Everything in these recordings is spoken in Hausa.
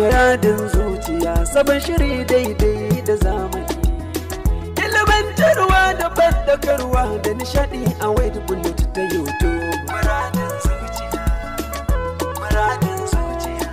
Muradin zuciya sabon shiri daidai da zamani. Ilimantarwa da bandakarwa da nishadi a wadda bullet ta YouTube. Muradin zuciya, muradin zuciya.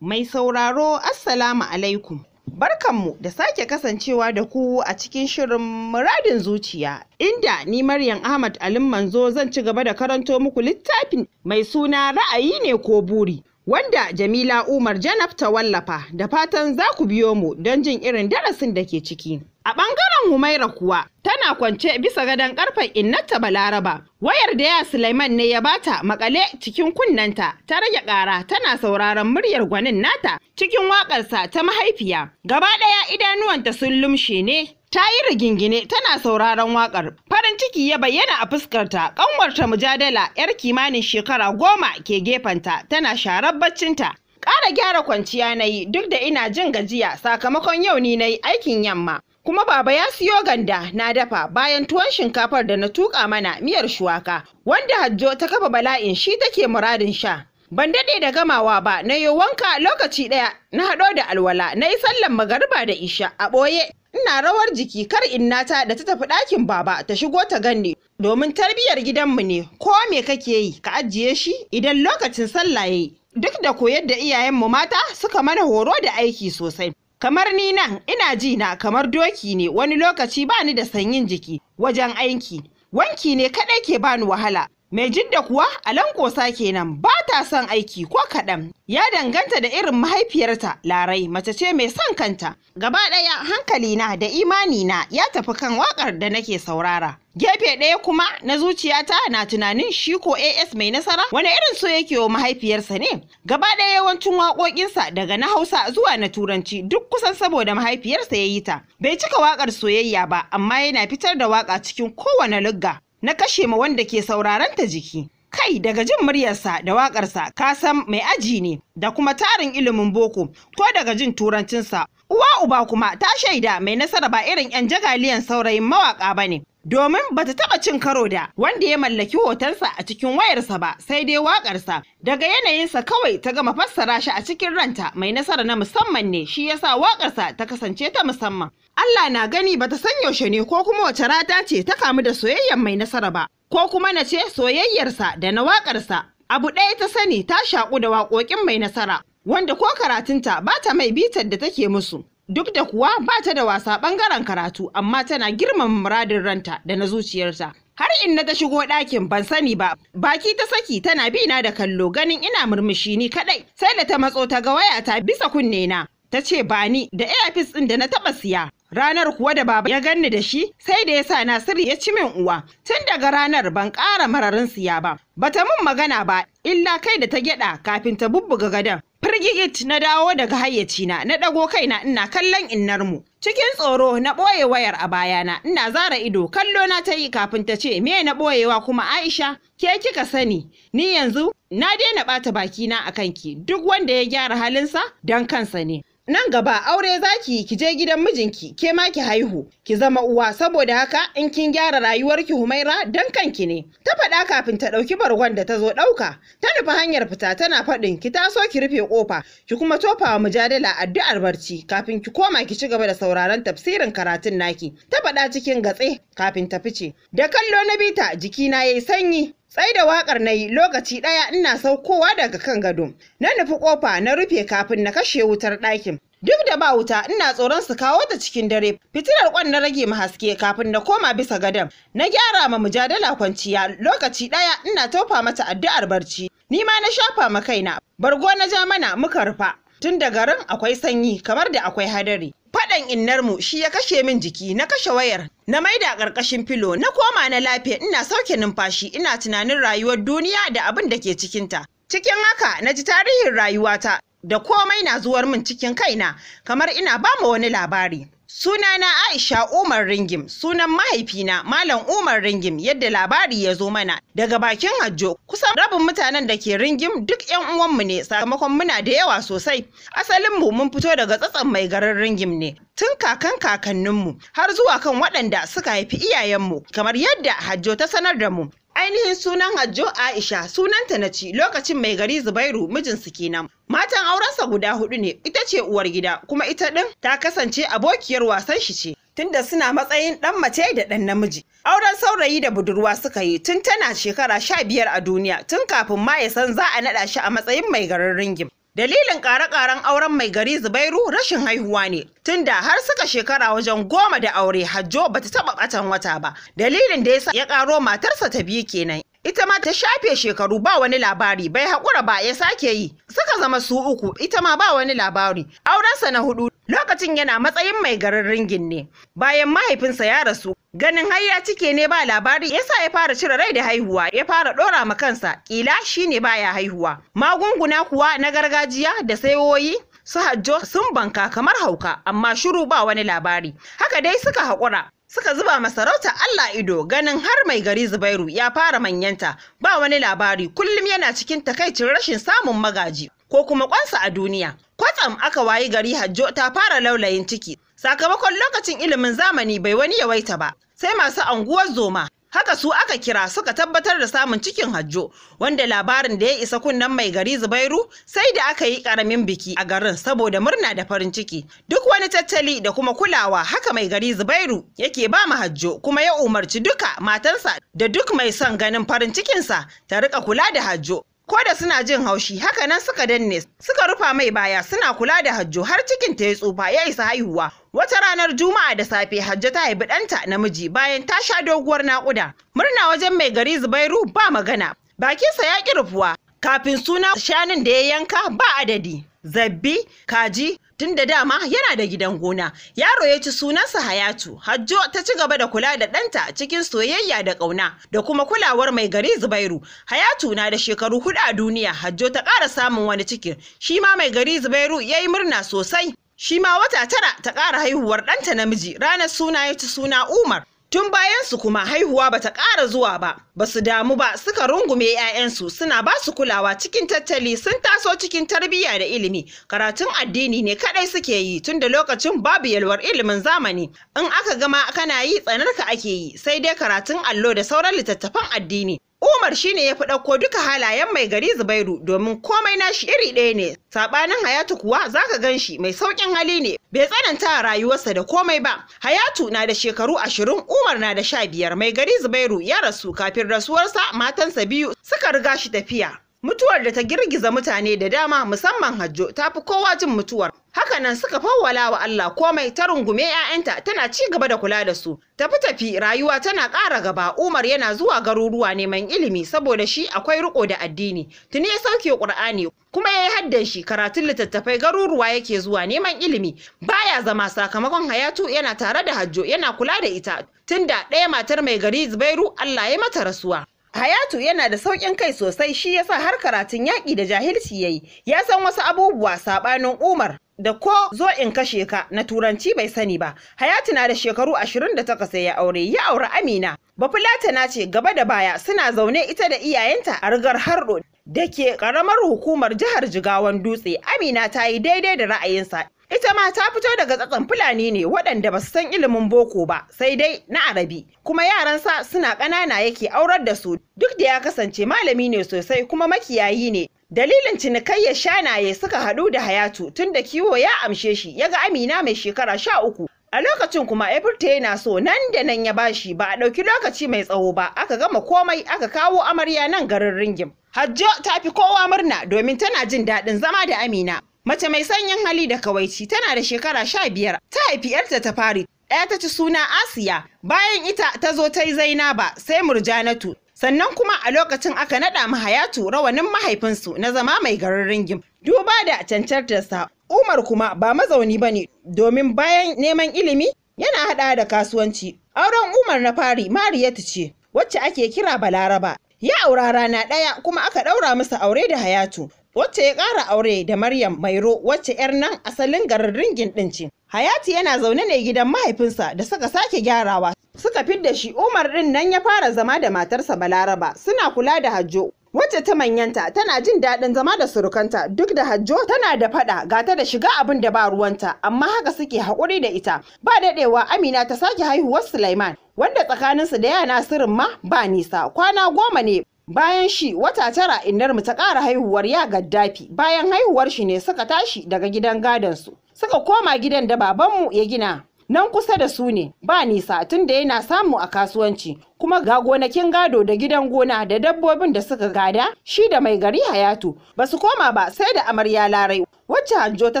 Mai sauraro, Assalamu alaikum. Barkanmu da sake kasancewa da ku a cikin shirin muradin zuciya inda ni Maryam Ahmad Alim Manzo zan ci gaba da karanto muku littafin mai suna ra'ayi ne ko buri wanda Jamila Umar Janaf ta wallafa da fatan za ku biyo mu don jin irin darasin da ke ciki. A ɓangaren Humaira kuwa tana kwance bisa gadon karfen innata Balaraba. Wayar da ya Suleiman ne ya bata makale cikin kunnanta ta rage ƙara tana sauraron muryar gwanin nata cikin waƙarsa ta mahaifiya. Gaba ɗaya idanuwanta sun lumshe ne ta yi rigingine tana sauraron waƙar. farin ciki ya bayyana a fuskarta kanwarta mujadala yar kimanin shekara goma ke gefenta tana sharar baccinta ƙara gyara kwanciya na yi duk da ina jin gajiya sakamakon yau ni na yi aikin yamma kuma baba ya siyo ganda na dafa bayan tuwon shinkafar da na tuka mana miyar shuwaka wanda hajjo ta kafa bala'in shi take muradin sha ban daɗe da gamawa ba na yi wanka lokaci ɗaya na haɗo da alwala na yi sallan magariba da isha a ɓoye ina rawar jiki kar ta da ta tafi ɗakin baba ta shigo ta ganni domin tarbiyyar gidanmu ne ko me kake yi ka ajiye shi idan lokacin sallah yayi duk da koyar da iyayenmu mata suka mana horo da aiki sosai Kamar ni nan ina ji na kamar doki ne wani lokaci bani da sanyin jiki wajen aiki. Wanki ne kaɗai ke bani wahala Mai jidda kuwa a lankosa kenan ba ta son aiki ko kaɗan ya danganta da irin mahaifiyarta larai mace ce mai son kanta gaba ɗaya hankalina da imanina ya tafi kan waƙar da nake saurara gefe ɗaya kuma na zuciyata na tunanin shi ko as mai nasara wani irin so yake wa mahaifiyarsa ne gaba ɗaya yawancin waƙoƙinsa daga na hausa zuwa na turanci duk kusan saboda mahaifiyarsa ya yi ta bai cika waƙar soyayya ba amma yana fitar da waƙa cikin kowane lugga na kashe ma wanda ke sauraron ta jiki kai daga jin muryarsa da waƙarsa ka san mai aji ne da kuma tarin ilimin boko ko daga jin turancinsa uwa uba kuma ta shaida mai nasara ba irin 'yan jagaliyan saurayin mawaƙa ba ne domin ba ta taɓa cin karo da wanda ya mallaki hotonsa a cikin wayarsa ba sai dai waƙarsa daga yanayinsa kawai ta gama fassara shi a cikin ranta mai nasara na musamman ne shi yasa waƙarsa ta kasance ta musamman Allah na gani ba ta san yaushe ne ko kuma wace rata ce ta kamu da soyayyar mai nasara ba ko kuma na ce soyayyarsa da na waƙarsa abu ɗaya ta sani ta shaƙu da waƙoƙin mai nasara wanda ko karatunta ba ta mai bitar da take musu Duk da kuwa ba ta da wasa ɓangaren karatu amma tana girmama muradin ranta da na zuciyarta. Har in na ta shigo ɗakin ban sani ba, baki ta saki tana bi na da kallo ganin ina murmushi ni kaɗai sai da ta matso ta ga waya ta bisa kunne na. ta ce ba ni da airfis ɗin da na taɓa siya ranar kuwa da baba ya ganni da shi sai da yasa sa nasiru ya ci min uwa tun daga ranar ban ƙara mararin siya ba bata mun magana ba illa kai da ta gyaɗa kafin ta bubbuga gadon firgigit na dawo daga hayyacina na ɗago kaina ina kallon innar mu cikin tsoro na ɓoye wayar a bayana ina zara ido kallo na ta yi kafin ta ce me na ɓoyewa kuma aisha ke kika sani ni yanzu na daina ɓata bakina a kanki duk wanda ya gyara halinsa don kansa ne nan gaba aure zaki ki je gidan mijinki ke ma ki haihu ki zama uwa saboda haka in kin gyara rayuwarki Humaira dan kanki ne ta faɗa kafin ta ɗauki bargon da ta zo ɗauka ta nufi hanyar fita tana faɗin ki taso ki rufe ƙofa ki kuma tofawa mujadala addu'ar barci kafin ki koma ki ci gaba da sauraron tafsirin karatun naki ta faɗa cikin gatse kafin ta fice da kallo na bita jikina yayi sanyi Tsai da wakar na yi lokaci ɗaya ina saukowa daga kan gado. Na nufi kofa na rufe kafin na kashe wutar ɗakin. Duk da ba wuta ina tsoron su kawo ta cikin dare. Fitilar kwan na rage haske kafin na koma bisa gadon. Na gyara ma mujadala kwanciya lokaci ɗaya ina tofa mata addu'ar barci. Ni ma na shafa ma kaina. Bargo na ja mana muka rufa. Tun da garin akwai sanyi kamar da akwai hadari. faɗan innarmu shi ya kashe min jiki na kashe wayar na maida ƙarƙashin filo na koma na lafiya ina sauke numfashi ina tunanin rayuwar duniya da abin da ke cikinta cikin haka na ji tarihin rayuwata da komai na zuwar min cikin kaina kamar ina ba mu wani labari Sunana Aisha Umar Ringim, sunan mahaifina Malam Umar Ringim yadda labari ya zo mana daga bakin Hajjo. Kusan rabin mutanen da ke Ringim duk 'yan uwanmu ne sakamakon muna da yawa sosai. Asalin mu mun fito daga tsatsan mai garin Ringim ne. Tun kakan kakanninmu har zuwa kan waɗanda suka haifi iyayenmu kamar yadda Hajjo ta sanar da mu. ainihin sunan Hajjo Aisha sunanta na ci lokacin mai gari Zubairu mijinsu kenan. Matan aurensa guda hudu ne, ita ce uwar gida kuma ita ɗin ta kasance abokiyar wasan shi ce. Tunda suna matsayin ɗan mace da ɗan namiji. Auren saurayi da budurwa suka yi tun tana shekara sha biyar a duniya tun kafin ma ya san za a naɗa shi a matsayin mai garin ringin Dalilin ƙare-ƙaren auren mai gari Zubairu rashin haihuwa ne, tunda har suka shekara wajen goma da aure Hajjo ba ta taɓa ɓatan wata ba. Dalilin da yasa ya ƙaro matarsa ta biyu kenan. Ita ma ta shafe shekaru ba wani labari bai haƙura ba ya sake yi. Suka zama su uku ita ma ba wani labari. Aurensa na hudu lokacin yana matsayin mai garin ringin ne. Bayan mahaifinsa ya rasu ganin har ya cike ne ba labari yasa ya fara cire rai da haihuwa ya fara ɗora ma kansa kila shine baya haihuwa magunguna kuwa na gargajiya da sayoyi su hajjo sun banka kamar hauka amma shiru ba wani labari haka dai suka haƙura suka zuba masarauta Allah ido ganin har mai gari Zubairu ya fara manyanta ba wani labari kullum yana cikin takaicin rashin samun magaji ko kuma ƙwansa a duniya kwatsam aka wayi gari hajjo ta fara laulayin ciki sakamakon lokacin ilimin zamani bai wani yawaita ba sai masu anguwar zoma haka su aka kira suka tabbatar da samun cikin hajjo wanda labarin da ya isa kunnen mai gari zubairu sai da aka yi karamin biki a garin saboda murna da farin ciki duk wani tattali da kuma kulawa haka mai gari zubairu yake ba mu hajjo kuma ya umarci duka matansa da duk mai son ganin farin cikinsa ta riƙa kula da hajjo ko da suna jin haushi haka nan suka danne suka rufa mai baya suna kula da hajjo har cikin ta ya tsufa ya isa haihuwa wata ranar juma'a da safe Hajja ta haifi ɗanta namiji bayan ta sha doguwar naƙuda murna wajen mai gari zubairu ba magana bakinsa ya ƙi rufuwa kafin suna shanun da ya yanka ba adadi zabbi kaji tun da dama yana da gidan gona yaro ya ci sunansa hayatu hajjo ta ci gaba da kula da ɗanta cikin soyayya da ƙauna da kuma kulawar mai gari zubairu hayatu na da shekaru hudu a duniya hajjo ta ƙara samun wani cikin shi ma mai gari zubairu ya yi murna sosai shi ma wata tara ta ƙara haihuwar ɗanta namiji ranar suna ya ci suna umar tun bayan su kuma haihuwa ba ta ƙara zuwa ba ba su damu ba suka rungume 'ya'yansu suna ba su kulawa cikin tattali sun taso cikin tarbiyya da ilimi karatun addini ne kaɗai suke yi tun da lokacin babu yalwar ilimin zamani in aka gama kana yi tsanarka ake yi sai dai karatun allo da sauran littattafan addini Umar shi ne ya fi ɗauko duka halayen mai gari Zubairu domin komai nashi iri ɗaya ne. Saɓanin Hayatu kuwa za ka gan shi mai sauƙin hali ne, bai tsananta rayuwarsa da komai ba. Hayatu na da shekaru ashirin, Umar na da sha biyar. Mai gari Zubairu ya rasu kafin rasuwarsa matansa biyu suka riga shi tafiya. Mutuwar da ta girgiza mutane da dama musamman Hajjo ta fi kowa jin mutuwar. haka nan suka fawwala wa Allah komai ta rungume 'ya'yanta tana ci gaba da kula da su. Tafi tafi rayuwa tana ƙara gaba Umar yana zuwa garuruwa neman ilimi saboda shi akwai riko da addini. Tuni ya sauke ƙur'ani kuma ya yi haddan shi karatun littattafai garuruwa yake zuwa neman ilimi. Baya zama sakamakon Hayatu yana tare da Hajjo yana kula da ita tunda ɗaya matar mai gari Zubairu Allah ya mata rasuwa. Hayatu yana da sauƙin kai sosai shi yasa har karatun yaƙi da jahilci yayi. Ya san wasu abubuwa saɓanin Umar. da ko zo in kashe ka na turanci bai sani ba hayatu na da shekaru ashirin da takwas ya aure ya aure amina bafulata na ce gaba da baya suna zaune ita da iyayenta a rigar harɗo da ke ƙaramar hukumar jihar jigawan dutse amina ta yi daidai da ra'ayinsa ita ma ta fito daga tsatson fulani ne waɗanda ba su san ilimin boko ba sai dai na arabi kuma yaransa suna ƙanana yake aurar da su duk da ya kasance malami ne sosai kuma makiyayi ne Dalilin cinikayyar shanaye suka haɗu da Hayatu tun da kiwo ya amshe shi ya ga Amina mai shekara sha uku. A lokacin kuma Ebirta yana so nan da nan ya bashi ba a ɗauki lokaci mai tsawo ba aka gama komai aka kawo amarya nan garin ringim. Hajjo ta fi kowa murna domin tana jin daɗin zama da Amina. Mace mai sanyin hali da kawaici tana da shekara sha biyar ta haifi ‘yarta ta fari ɗaya ta ci suna Asiya bayan ita ta zo ta yi Zainaba sai Murjanatu sannan kuma a lokacin aka naɗa ma hayatu rawanin mahaifinsu na zama mai garin ringin. duba da cancantarsa umar kuma ba mazauni ba ne domin bayan neman ilimi yana haɗa da kasuwanci auren umar na fari mariyatu ce wacce ake kira balaraba ya aura rana ɗaya kuma aka ɗaura masa aure da hayatu wacce ya ƙara aure da maryam mairo wacce 'yar nan asalin garin ringin ɗin ce Hayati yana zaune ne gidan mahaifinsa da suka sake gyarawa. Suka fidda shi Umar ɗin nan ya fara zama da matarsa Balaraba suna kula da Hajjo. Wacce ta manyanta tana jin daɗin zama da surukanta duk da Hajjo tana da faɗa Ga ta da shiga abin da ba ruwanta amma haka suke haƙuri da ita. Ba daɗewa Amina ta sake haihuwar Sulaiman wanda tsakaninsu da yana sirrin ma ba nisa kwana goma ne bayan shi wata tara innarmu ta ƙara haihuwar ya gaddafi bayan haihuwar shi ne suka tashi daga gidan gadon su. suka koma gidan da babanmu ya gina nan kusa da su ne ba nisa tun da yana samu a kasuwanci kuma ga gonakin gado da gidan gona da dabbobin da suka gada shi da mai gari hayatu ba su koma ba sai da amarya larai wacce hanjo ta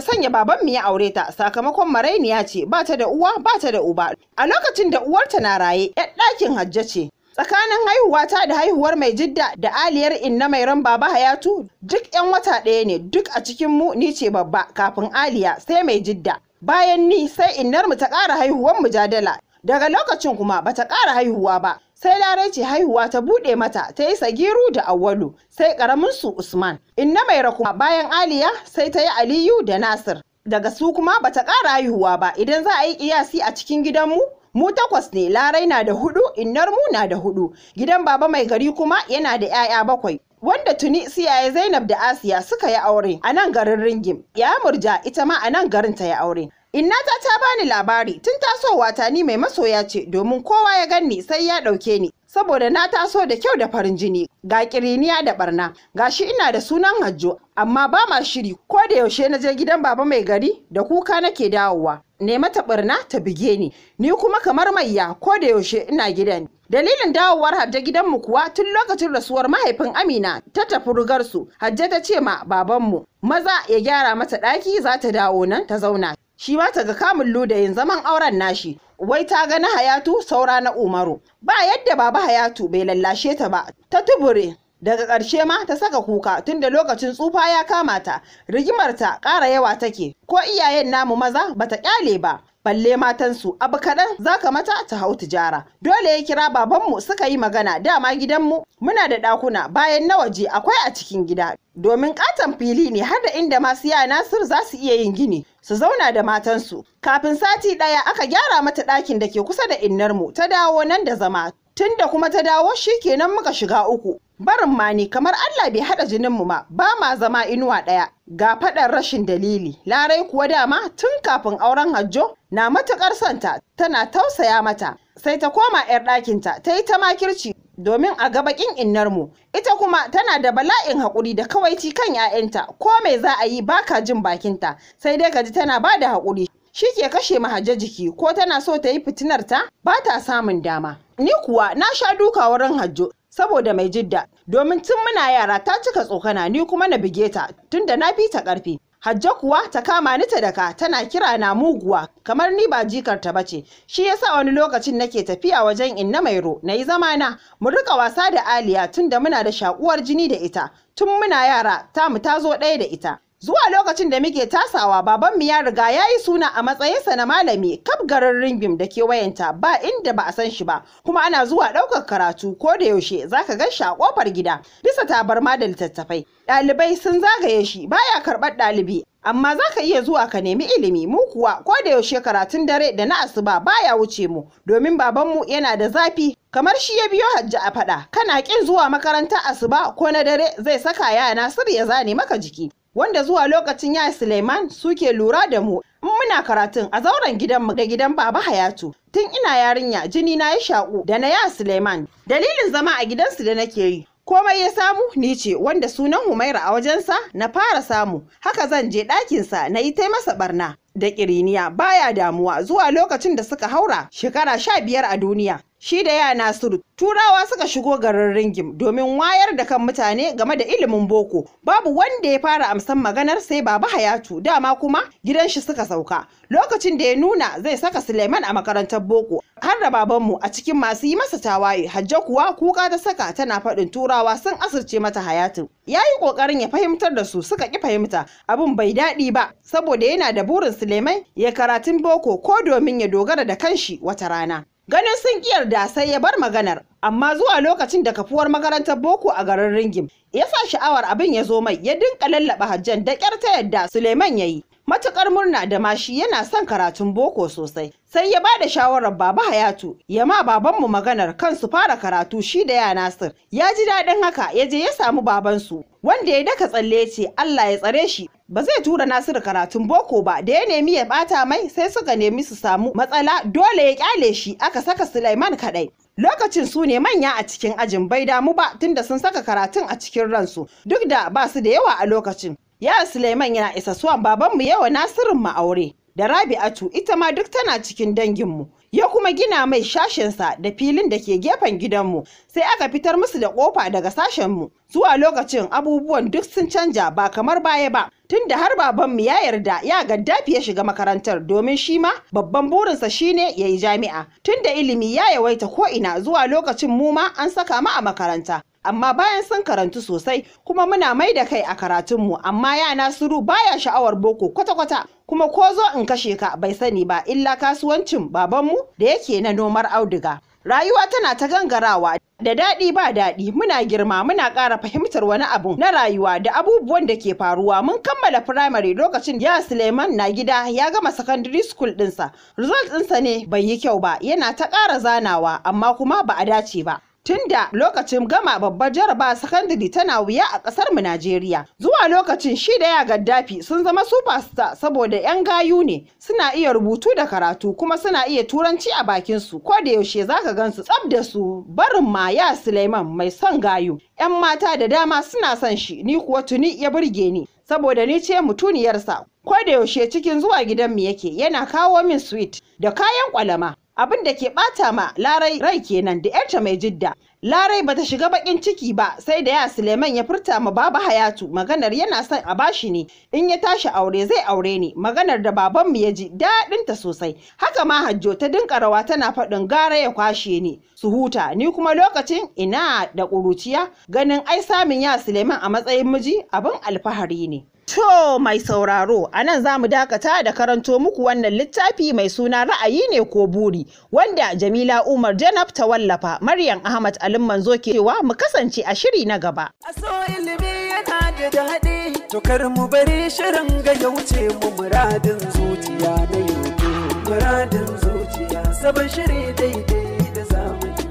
sanya baban ya aure ta sakamakon marainiya ce ba ta da uwa ba ta da uba a lokacin da uwarta na raye yar ɗakin hajja ce tsakanin haihuwata da haihuwar mai jidda da aliyar inna mai ran baba hayatu duk yan wata ɗaya ne duk a cikin mu ni ce babba kafin aliya sai mai jidda bayan ni sai innar mu ta ƙara haihuwar mujadala daga lokacin kuma ba ta ƙara haihuwa ba sai larai ce haihuwa ta buɗe mata ta yi sagiru da awwalu sai ƙaramin su usman inna mai kuma bayan aliya sai ta yi aliyu da nasir daga su kuma ba ta ƙara haihuwa ba idan za a yi ƙiyasi a cikin gidanmu mu takwas ne larai na da hudu innar mu na da hudu gidan baba mai gari kuma yana da 'ya'ya bakwai wanda tuni siyaye zainab da asiya suka yi aure a nan garin ringim ya murja ita ma a nan garin ta yi aure Inna ta ta bani labari tun tasowa ta ni mai masoya ce domin kowa ya ganni sai ya ɗauke ni saboda na taso da kyau da farin jini ga kiriniya da barna gashi ina da sunan hajjo amma ba ma shiri ko da yaushe na je gidan baba mai gari da kuka nake dawowa ne mata barna ta bige ni ni kuma kamar maiya ko da yaushe ina gidan dalilin dawowar hajja gidanmu kuwa tun lokacin rasuwar mahaifin amina ta tafi rugarsu hajja ta ce ma babanmu maza ya gyara mata ɗaki za ta dawo nan ta zauna shi ma ta ga kamun ludayin zaman auren nashi wai ta ga na hayatu saura na umaru ba yadda baba hayatu bai lallashe ta ba ta tubure daga ƙarshe ma ta saka kuka tunda lokacin tsufa ya kama ta rigimar ta ƙara yawa take ko iyayen namu maza bata ƙyale ba balle matansu abu kaɗan za ka mata ta hau tijara dole ya kira babanmu suka yi magana dama gidanmu muna da ɗakuna bayan na waje akwai a cikin gida domin katon fili ne har da inda masu yaya Nasiru za su iya yin gini su zauna da matansu. Kafin sati ɗaya aka gyara mata ɗakin da ke kusa da innarmu ta dawo nan da zama. Tun da kuma ta dawo shi kenan muka shiga uku. Barin ma ne kamar Allah bai haɗa jininmu ma ba ma zama inuwa ɗaya. Ga faɗar rashin dalili. Larai kuwa dama tun kafin auren hajjo na matuƙar santa tana tausaya mata. Sai ta koma 'yar ɗakinta ta yi ta makirci domin a ga bakin innarmu ita kuma tana da bala'in haƙuri da kawaici kan 'ya'yanta ko me za a yi baka jin bakinta sai dai ka ji tana ba da haƙuri shi ke kashe mahajja jiki ko tana so ta yi fitinar ta ba ta samun dama ni kuwa na sha duka wurin hajjo saboda mai jidda domin tun muna yara ta cika tsokana ni kuma na bige ta tunda na fi ta ƙarfi Hajjo kuwa ta kama ni ta daka tana kira na muguwa kamar ni ba jikarta ba ce shi yasa wani lokacin nake tafiya wajen inna mairo na yi zamana mu rika wasa da aliya tun da muna da shakuwar jini da ita tun muna yara tamu ta zo ɗaya da ita Zuwa lokacin da muke tasawa babanmu ya riga ya yi suna a matsayinsa na malami kaf garin Ringim da kewayenta ba inda ba a san shi ba kuma ana zuwa ɗaukar karatu ko da yaushe za ka gan shi a ƙofar gida bisa tabarma da littattafai. Ɗalibai sun zagaye shi baya karɓar ɗalibi amma za ka iya zuwa ka nemi ilimi mu kuwa ko da yaushe karatun dare da na asuba baya wuce mu domin babanmu yana da zafi kamar shi ya biyo hajji a faɗa kana ƙin zuwa makaranta asuba ko na dare zai saka yana sirya ya zane maka jiki wanda zuwa lokacin ya Suleiman suke lura da mu in muna karatun a zauren gidanmu da gidan Baba Hayatu tun ina yarinya jini na ya shaƙu da na ya Suleiman dalilin zama a gidansu da nake yi komai ya samu ni ce wanda sunan Humaira a wajensa na fara samu haka zan je ɗakinsa na yi tai masa barna da ƙiriniya baya damuwa zuwa lokacin da suka haura shekara sha biyar a duniya Shi da ya Nasiru, Turawa suka shigo garin Ringim domin wayar da kan mutane game da ilimin boko. Babu wanda ya fara amsan maganar sai Baba Hayatu, dama kuma gidan shi suka sauka. Lokacin da ya nuna zai saka Suleiman a makarantar boko, har da babanmu a cikin masu yi masa tawaye, Hajja kuwa kuka ta saka tana faɗin Turawa sun asirce mata Hayatu. Ya yi ƙoƙarin ya fahimtar da su suka ƙi fahimta, abin bai daɗi ba, saboda yana da burin Suleiman ya karatun boko ko domin ya dogara da kanshi wata rana. Ganin sun ƙiyar da sai ya bar maganar, amma zuwa lokacin da kafuwar makarantar boko a garin Ringim, ya sa sha'awar abin ya zo mai ya dinka lallaba hajjan da ƙyar ta yadda Suleiman ya yi. matukar murna da mashi yana son karatun boko sosai sai ya ba da shawarar baba hayatu ya ma babanmu maganar kan su fara karatu shi da ya nasir ya ji daɗin haka ya je ya samu babansu wanda ya daka tsalle ce allah ya tsare shi ba zai tura nasiru karatun boko ba da ya nemi ya bata mai sai suka nemi su samu matsala dole ya kyale shi aka saka sulaiman kaɗai lokacin su ne manya a cikin ajin bai damu ba tunda sun saka karatun a cikin ransu duk da ba su da yawa a lokacin Yaya Suleiman yana isa suwan babanmu yawa Nasirin mu aure da Rabi'atu ita ma duk tana cikin danginmu. Ya kuma gina mai sashensa da filin da ke gefen gidanmu sai aka fitar musu da kofa daga sashenmu zuwa lokacin abubuwan duk sun canja ba kamar baya ba tunda har babanmu ya yarda ya gaddafi ya shiga makarantar domin shi ma babban burinsa shine ya yi jami'a tunda ilimi ya yawaita ko ina zuwa lokacin mu ma an saka mu a makaranta amma bayan sun karantu sosai kuma muna mai da kai a karatunmu amma ya nasiru baya sha'awar boko kwata-kwata kuma ko zo in kashe ka bai sani ba illa kasuwancin babanmu da yake na nomar auduga rayuwa tana ta gangarawa da daɗi ba daɗi muna girma muna ƙara fahimtar wani abu na rayuwa da abubuwan da ke faruwa mun kammala firamare lokacin ya suleiman na gida ya gama secondary school ɗinsa result ɗinsa ne bai yi kyau ba yana ta ƙara zanawa amma kuma ba a dace ba Tun da lokacin gama babbar jaraba sakandare tana wuya a kasar mu Najeriya zuwa lokacin shi da ya gaddafi sun zama superstar saboda yan gayu ne suna iya rubutu da karatu kuma suna iya turanci a bakin su ko da yaushe zaka gansu tsab da su barin maya Suleiman mai son gayu yan mata da dama suna son shi ni kuwa tuni ya burge ni saboda ni ce mutuniyarsa ko da yaushe cikin zuwa gidan mu yake yana kawo min sweet da kayan kwalama abin da ke bata ma larai rai kenan da yarta mai jidda larai bata shiga bakin ciki ba sai da ya suleiman ya furta ma baba hayatu maganar yana son a bashi ne in ya tashi aure zai aure ni maganar da babanmu ya ji daɗinta sosai haka ma hajjo ta dinka rawa tana faɗin gara ya kwashe ni su huta ni kuma lokacin ina da ƙuruciya ganin ai samun ya suleiman a matsayin miji abin alfahari ne To mai sauraro, a nan za mu dakata da karanto muku wannan littafi mai suna ra'ayi ne ko buri, wanda Jamila Umar Janab ta wallafa, Maryam Ahmad Alim Manzo ke cewa mu kasance a shiri na gaba. Aso ilimi yana da daɗi, to kar mu bari shirin ga ya wuce mu muradin zuciya na yau. Muradin zuciya, sabon shiri daidai da zamani.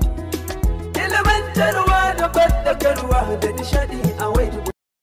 Ilimantarwa da fadakarwa da nishaɗi a wai